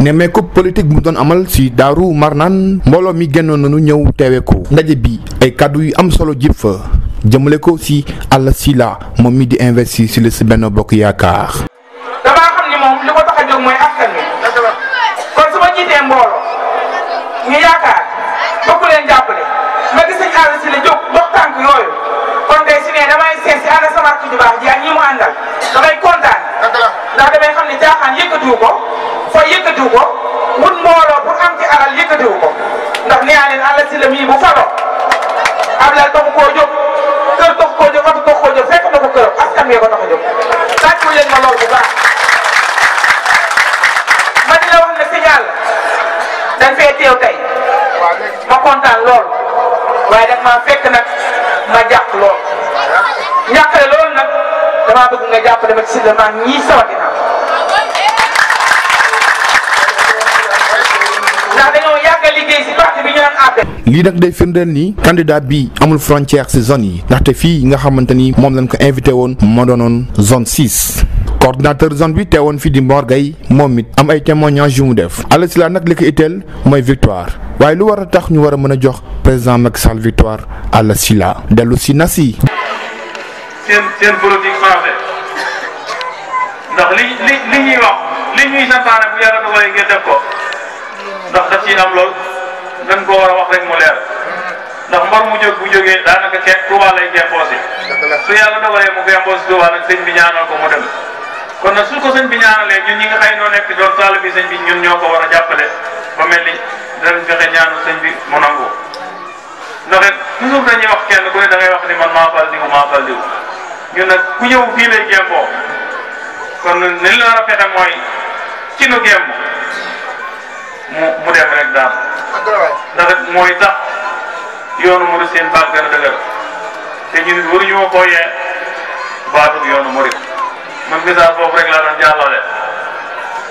ne mais ko politique bu doon amal si daaru marnaan mbooloo mi génnoon nanu ñëw teewee ko ndaje bi ay kàddu yu am solo jib fa jëmale ko si Alla moom mi di investir si li si benn bokk yaakaar. damaa xam ni moom li ko tax jóg mooy askan wi kon su ma jiitee mbooloo ñu yaakaar bokk leen jàppale ma gis sëñ Alla Sylla jóg. dañ teew tey ma kontaan lool waaye daf maa fekk nag ma jàpp lool ñàkkale lool nag damaa bëgg nga jàppale ma ci la ñii sama ginnaaw ndax dañoo yàgg a liggéey ci parti bi ñu naan APR. lii nag day firndeel nii candidat bi amul frontière ci zone yi ndaxte fii nga xamante ni moom lañ ko invité woon moo doonoon zone 6. coordinateur zone bi teewoon fi di Mor Gueye moom it am ay témoignages yu mu def Alassila nag li ko itteel mooy victoire waaye lu war a tax ñu war a mën a jox président Macky Sall victoire Alassila dellu si seen seen politique marché ndax li li li ñuy wax li ñuy santaane bu yàlla dogalee ngeen def ko ndax daf ciy am lool dañ mu jóg bu jógee daanaka kenn Tuubaa lay gemboos su yàlla dogalee mu gemboos Tuubaa nag sëñ bi ñaanal ko mu kon nag su ko sëñ bi ñaanalee ñun ñi nga xay noo nekk doon taalibe sëñ bi ñun ñoo ko war a jàppale ba mel ni danañ fexe ñaanu sëñ bi mu nangu ndax it toujours dañuy wax kenn ku ne da ngay wax ni man maa fal diw maa fal ñun nag ku ñëw fii lay kon ni la war a mooy ci nu gémb mu mu dem rek daal ndax it mooy tax yoonu murid seen baat gën a dëgër te ñun waruñoo booyee baatu yoonu murid man message boobu rek laa doon jàllale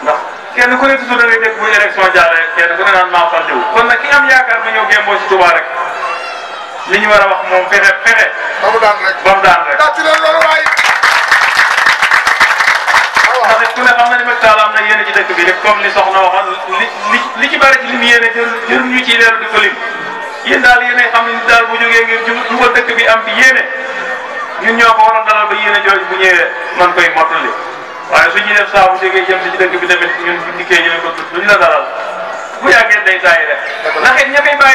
ndax kenn ku ne toujours da ngay ñu élection jàllee kenn ku ne naan maa fal diw kon nag ki am yaakaar na ñëw gémboo ci li ñu war a wax moom fexe fexe. ba mu daan rek ba mu daan rek. tàcc leen loolu waay. ndax ku na ni ci dëkk bi rek comme li soxna waxoon li li li ci bari ci li mu yéene jër ñu ciy leeral di ko lim daal yéenay xam ne daal bu jógee ngir jubal dëkk bi am fi yéene ñun ñoo ko war a dalal ba yéene jooju bu ñëwee. mën koy mottali waaye su ñuy def saa bu jógee jëm si ci dëkk bi tamit ñun bu dikkee ñu ko duñ la dalal bu yàggee day saa yi rek ndax it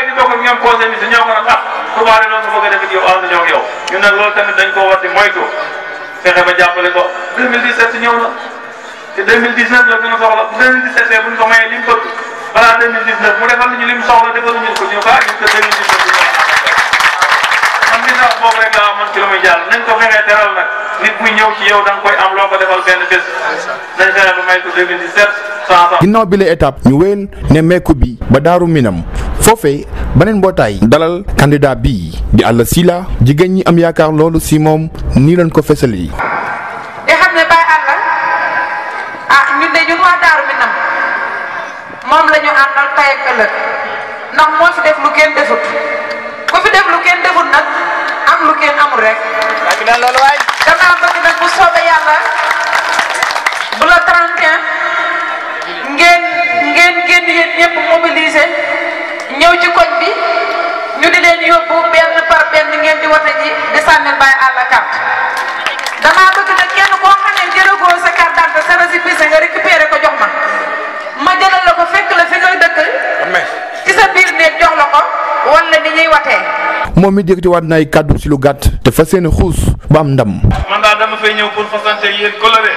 di toog ak ñoom conseil bi dañoo mën a tax Touba de noonu ko bëgg a def ak yow ànd ñoo yow ñun nag loolu tamit dañ koo war di moytu fexe ba jàppale ko 2017 ñëw na te 2019 la gën a soxla bu 2017 bu ñu ko mayee li mu bëgg balaa 2019 mu defal ñu li mu soxla defal ah, ñu ko ñu ko ak ñu ko 2019 bi man mi sax boobu rek laa amoon ci lu muy jàll nañ ko fexee teral nag nit muy bi la étape ñu wéyal ne meeku bi ba daaru minam foofee beneen mbootaay dalal candidat bii di Alla Sylla jigéen ñi am yaakaar loolu si moom nii lañ ko fësal yi. di xam ne Baye Alla ah ñun de ñun waa daaru minam moom la ñu àndal tay ak ndax moo fi def lu kenn defut ku fi def lu kenn defut. na bëgg nag bu soobee yàlla bu la 31 ngeen ngeen génn yéen ñëpp ñëw ci koñ bi ñu di leen yóbbu benn par benn ngeen di wote ji di sànnil bàyyi àll carte damaa bëgg nag kenn koo xam ne jëlagoo sa carte d'identité sa nga récupéré ko jox ma ma jëlal la ko fekk la fi ngay dëkk. ci sa biir néeg jox la ko wala ni ñuy watee. moom mi yëkkati waat na kàddu ci lu gàtt dafa seeni xuus. ba am ndam. man daal dama fay ñëw pour fasante yéen coloré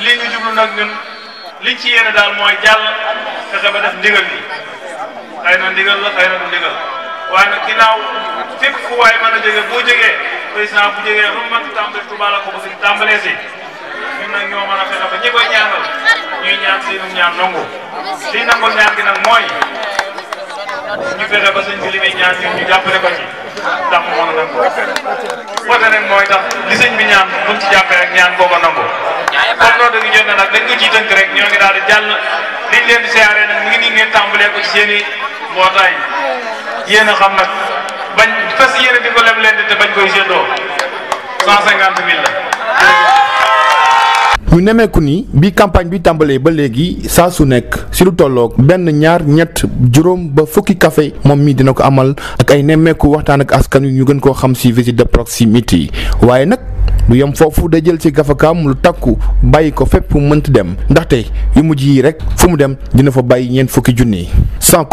lii ñu jublu nag ñun liñ ci yéene daal mooy jàll fexe ba def ndigal bi xëy ndigal la xëy ndigal waaye nag ginnaaw fu waay mën a jóge boo jógee président bu jógee lu mu mën tàmbali ba si tàmbalee si ñun nag ñoo mën a fexe ba ñi ñuy ñaan seenum ñaan nangu liñ nangul ñaan gi nag mooy ñu fexe ba sëñ bi li ñaan ñun ñu jàppale ko ci. ndax mu mën a nangu woote nag mooy tax li sëñ bi ñaan buñ ci jàppee ak ñaan boo ko nangu kon loolu dañu jot na nag dañ ko ciy tënk rek ñoo ngi daal di jàll leen di siyaaree nag mu ngi nii ngeen tàmbalee ko ci seeni i mbootaay yéen a xam nag bañ fas yéene di ko leb leen di te bañ koy séddoo 150 000 la ñu nemeeku nii bi campagne bi tàmbalee ba léegi saa su nekk si lu tolloog benn ñaar ñett juróom ba fukki kafe moom mii dina ko amal ak ay nemmeeku waxtaan ak askan wi ñu gën koo xam si visite de proximité waaye nag lu yem foofu da jël ci gafakaam lu takku bàyyi ko fépp mënt dem ndaxte yu mujj yi rek fu mu dem dina fa bàyyi ñeent fukki junni sans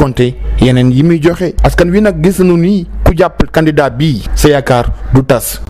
yeneen yi muy joxe askan wi nag gis nañu ni ku jàpp candidat bii sa yaakaar du tas.